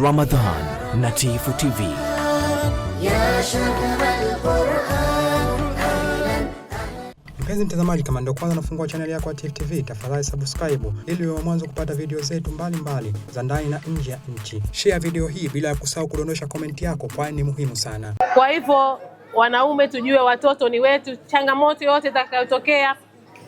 Ramadan na Tifu TV. Mpenzi mtazamaji, kama ndio kwanza nafungua chaneli yako ya Tifu TV, tafadhali subscribe ili uwe mwanzo kupata video zetu mbalimbali za ndani na nje ya nchi. Share video hii bila ya kusahau kudondosha komenti yako, kwani ni muhimu sana. Kwa hivyo, wanaume tujue watoto ni wetu, changamoto yote itakayotokea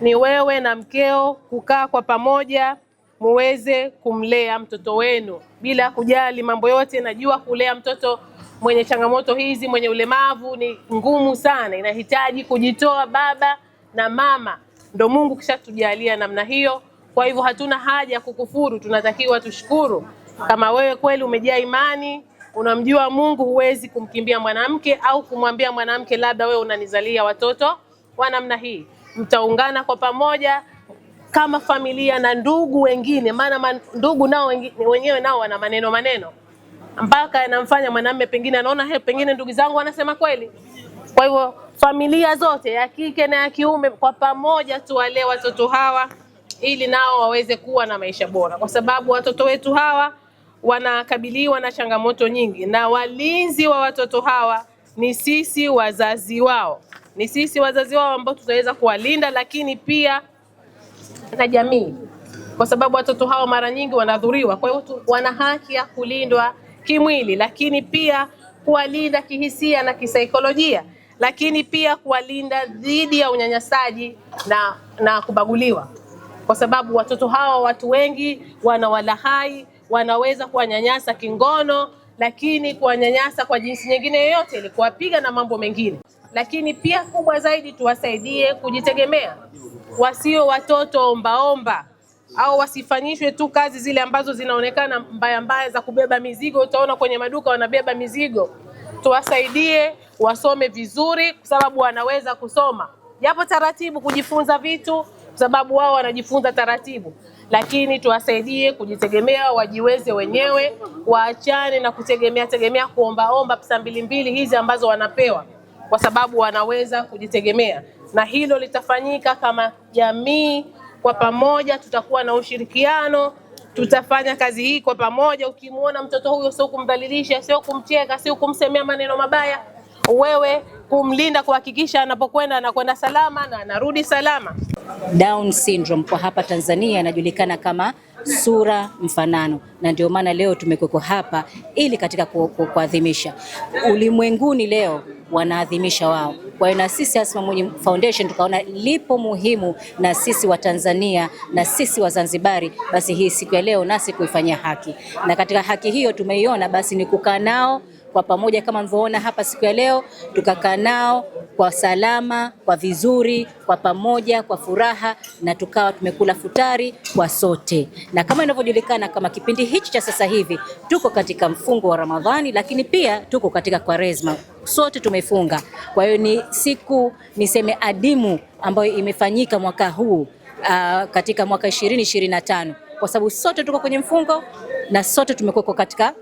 ni wewe na mkeo kukaa kwa pamoja muweze kumlea mtoto wenu bila kujali mambo yote. Najua kulea mtoto mwenye changamoto hizi, mwenye ulemavu ni ngumu sana, inahitaji kujitoa baba na mama. Ndo Mungu kishatujalia namna hiyo, kwa hivyo hatuna haja ya kukufuru, tunatakiwa tushukuru. Kama wewe kweli umejaa imani, unamjua Mungu, huwezi kumkimbia mwanamke au kumwambia mwanamke labda wewe unanizalia watoto wa namna hii. Mtaungana kwa pamoja kama familia na ndugu wengine, maana man, ndugu nao wenyewe nao wana maneno maneno mpaka anamfanya mwanamume pengine anaona he, pengine ndugu zangu wanasema kweli. Kwa hivyo familia zote ya kike na ya kiume kwa pamoja tuwalee watoto hawa ili nao waweze kuwa na maisha bora, kwa sababu watoto wetu hawa wanakabiliwa na changamoto nyingi, na walinzi wa watoto hawa ni sisi wazazi wao, ni sisi wazazi wao ambao tutaweza kuwalinda, lakini pia na jamii, kwa sababu watoto hao mara nyingi wanadhuriwa. Kwa hiyo wana haki ya kulindwa kimwili, lakini pia kuwalinda kihisia na kisaikolojia, lakini pia kuwalinda dhidi ya unyanyasaji na, na kubaguliwa, kwa sababu watoto hawa watu wengi wanawalahai, wanaweza kuwanyanyasa kingono, lakini kuwanyanyasa kwa jinsi nyingine yoyote ile, kuwapiga na mambo mengine. Lakini pia kubwa zaidi, tuwasaidie kujitegemea wasio watoto ombaomba au wasifanyishwe tu kazi zile ambazo zinaonekana mbaya mbaya za kubeba mizigo. Utaona kwenye maduka wanabeba mizigo. Tuwasaidie wasome vizuri, kwa sababu wanaweza kusoma japo taratibu kujifunza vitu, kwa sababu wao wanajifunza taratibu, lakini tuwasaidie kujitegemea, wajiweze wenyewe, waachane na kutegemea tegemea kuombaomba pesa mbili mbili hizi ambazo wanapewa kwa sababu wanaweza kujitegemea, na hilo litafanyika kama jamii kwa pamoja. Tutakuwa na ushirikiano, tutafanya kazi hii kwa pamoja. Ukimwona mtoto huyo, sio kumdhalilisha, sio kumcheka, sio kumsemea maneno mabaya wewe kumlinda, kuhakikisha anapokwenda anakwenda salama na anarudi salama. Down syndrome kwa hapa Tanzania inajulikana kama sura mfanano, na ndio maana leo tumekuwa hapa ili katika kuadhimisha ulimwenguni. Leo wanaadhimisha wao, kwa hiyo na sisi Asma Mwinyi Foundation tukaona lipo muhimu na sisi wa Tanzania na sisi Wazanzibari, basi hii siku ya leo nasi kuifanyia haki, na katika haki hiyo tumeiona basi ni kukaa nao kwa pamoja kama mlivyoona hapa siku ya leo, tukakaa nao kwa salama, kwa vizuri, kwa pamoja, kwa furaha na tukawa tumekula futari kwa sote. Na kama inavyojulikana kama kipindi hichi cha sasa hivi tuko katika mfungo wa Ramadhani, lakini pia tuko katika Kwaresma, sote tumefunga. Kwa hiyo ni siku niseme adimu ambayo imefanyika mwaka huu uh, katika mwaka 2025 kwa sababu sote tuko kwenye mfungo na sote tumekuwa katika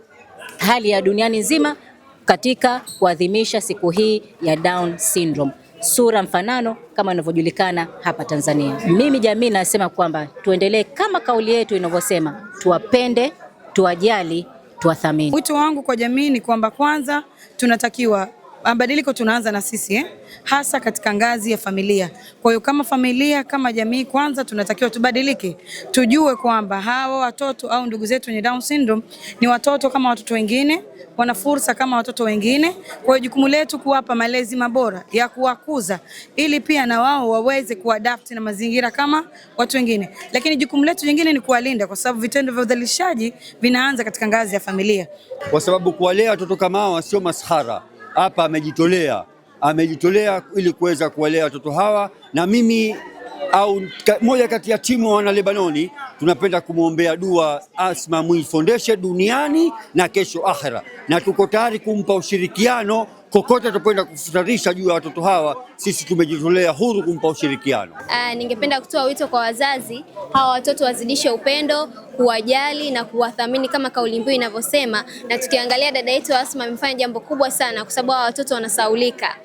hali ya duniani nzima katika kuadhimisha siku hii ya Down syndrome, sura mfanano kama inavyojulikana hapa Tanzania. Mimi jamii nasema kwamba tuendelee kama kauli yetu inavyosema, tuwapende, tuwajali, tuwathamini. Wito wangu kwa jamii ni kwamba kwanza tunatakiwa mabadiliko ah, tunaanza na sisi eh? hasa katika ngazi ya familia. Kwa hiyo kama familia, kama jamii, kwanza tunatakiwa tubadilike, tujue kwamba hawa watoto au ndugu zetu wenye Down syndrome ni watoto kama watoto wengine, wana fursa kama watoto wengine. Kwa hiyo jukumu letu kuwapa malezi mabora ya kuwakuza, ili pia na wao waweze kuadapt na mazingira kama watu wengine, lakini jukumu letu jingine ni kuwalinda, kwa sababu vitendo vya udhalilishaji vinaanza katika ngazi ya familia, kwa sababu kuwalea watoto kama hawa sio maskhara hapa amejitolea, amejitolea ili kuweza kuwalea watoto hawa, na mimi au moja kati ya timu wana Lebanoni tunapenda kumwombea dua Asma Mwinyi Foundation duniani na kesho akhera, na tuko tayari kumpa ushirikiano kokote atapoenda kufutarisha juu ya watoto hawa, sisi tumejitolea huru kumpa ushirikiano. Ah, ningependa kutoa wito kwa wazazi, hawa watoto wazidishe upendo, kuwajali na kuwathamini kama kauli mbiu inavyosema, na tukiangalia dada yetu Asma amefanya jambo kubwa sana, kwa sababu hawa watoto wanasaulika.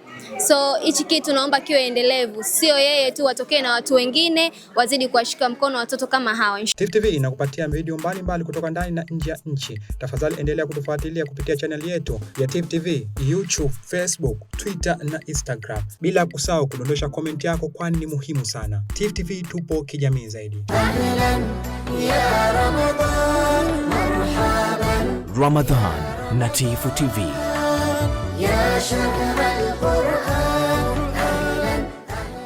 So hichi kitu naomba kiwe endelevu, sio yeye tu, watokee na watu wengine wazidi kuwashika mkono watoto kama hawa. Tifu TV inakupatia video mbalimbali kutoka ndani na nje ya nchi. Tafadhali endelea kutufuatilia kupitia chaneli yetu ya Tifu TV, YouTube, Facebook, Twitter na Instagram, bila kusahau kudondosha komenti yako, kwani ni muhimu sana. Tifu TV tupo kijamii zaidi. Ramadan na Tifu TV.